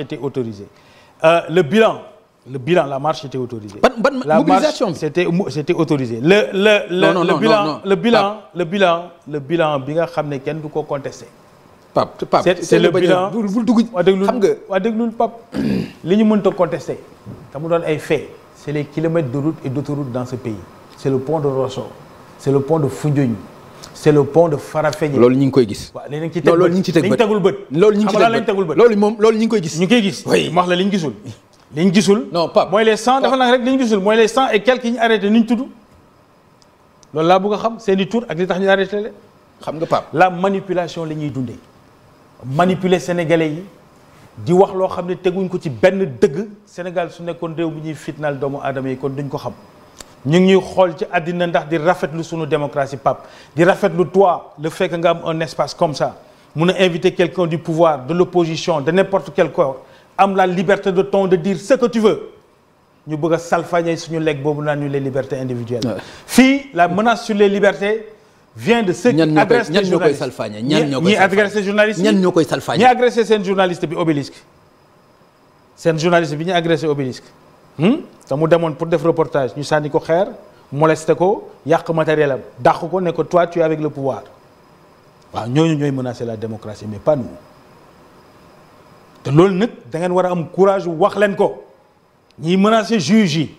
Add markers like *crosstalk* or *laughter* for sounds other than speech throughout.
était autorisée euh, le bilan le bilan la marche était autorisée. ban ban mobilisation la marche c'était autorisé le le le. non non le bilan, non, non. le bilan bi nga xam ne kenn du ko contesté. Pape Pape c'est, le bilan bul dugg xam nga waa déglul Pape *clears throat* li ñu mënta contesté te mu doon ay faits c'est les kilomètres de route et d'autoroute dans ce pays. c'est le pont de Rosso c'est le pont de Foundiougne c'est le pont de Farafenni. loolu ñu ngi koy gis. waaw léegi ci teg loolu ñu ngi ci teg bët tegul bët. loolu ñu ngi ci teg bët loolu moom loolu ñu ngi koy gis. ñu koy gis oui wax la li ñu gisul. li ñu gisul. non Pape mooy les cent dafa nag rek li ñu gisul mooy les cent et quelques yi ñu arrêté ni ñu tudd. loolu laa bëgg a xam seen i tur ak li tax ñu arrêté le xam nga Pape la manipulation la ñuy dundee. manipuler sénégalais yi di wax loo xam ne teguñ ko ci benn dëgg Sénégal su nekkoon réew mi ñuy fitnaal doomu aadama yi kon duñ ko xam ñu ngi ñuy xool ci àddina ndax di rafetlu suñu démocratie pap di rafetlu toi le fait que nga am un espace comme ça mun a inviter quelqu'un du pouvoir de l'opposition de n'importe quel corps am la liberté de ton de dire ce que tu veux ñu bëgg a salfañe suñu lekk boobu naan ñu les libertés individuelles fii la menace sur les libertés vient de ceux qui agressent les journalistes ñi agressé journaliste ñan ñoo koy salfañe ñi agressé seen journaliste bi obélisque seen journaliste bi ñu agressé obélisque hum te mu demoon pour def reportage ñu sànni ko xeer molesté ko yàq matériel am dàq ko ne ko toi tu es avec le pouvoir waaw ñooñu ñooy menacer la démocratie mais pas nous te loolu nag da ngeen war a am courage wax leen ko ñiy menacer juge yi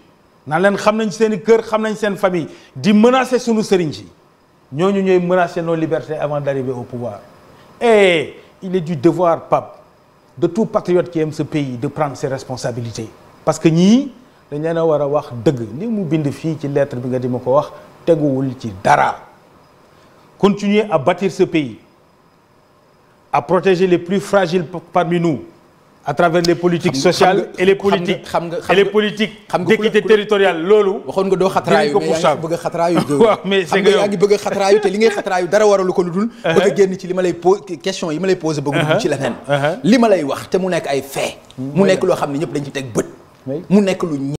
naan leen xam nañ seen kër xam nañ seen famille di menacer sunu sëriñ si ñooñu ñooy menacer nos liberté avant d'arriver au pouvoir et eh, il est du devoir Pape de tout patriote qui aime ce pays de prendre ses responsabilités parce que ñii dañ leen a war a wax dëgg li mu bind fii ci lettre bi nga di ma ko wax teguwul ci dara continuer à bâtir ce pays à protéger les plus fragiles parmi nous à travers les politiques sociales et les politiques xam nga et loolu. waxoon nga doo xatraayu mais *laughs* yaa ngi bëgg a xatraayu. waaw mais c'est nga yaa a xatraayu te li ngay xatraayu dara waralu ko lu dul. *laughs* bëgg génn ci li ma lay po question yi ma lay posé. bëgg dugg uh-huh. ci leneen. Uh-huh. li ma lay wax te mu nekk ay fait. mu nekk loo xam ne ñëpp dañ ci teg bët. mu nekk lu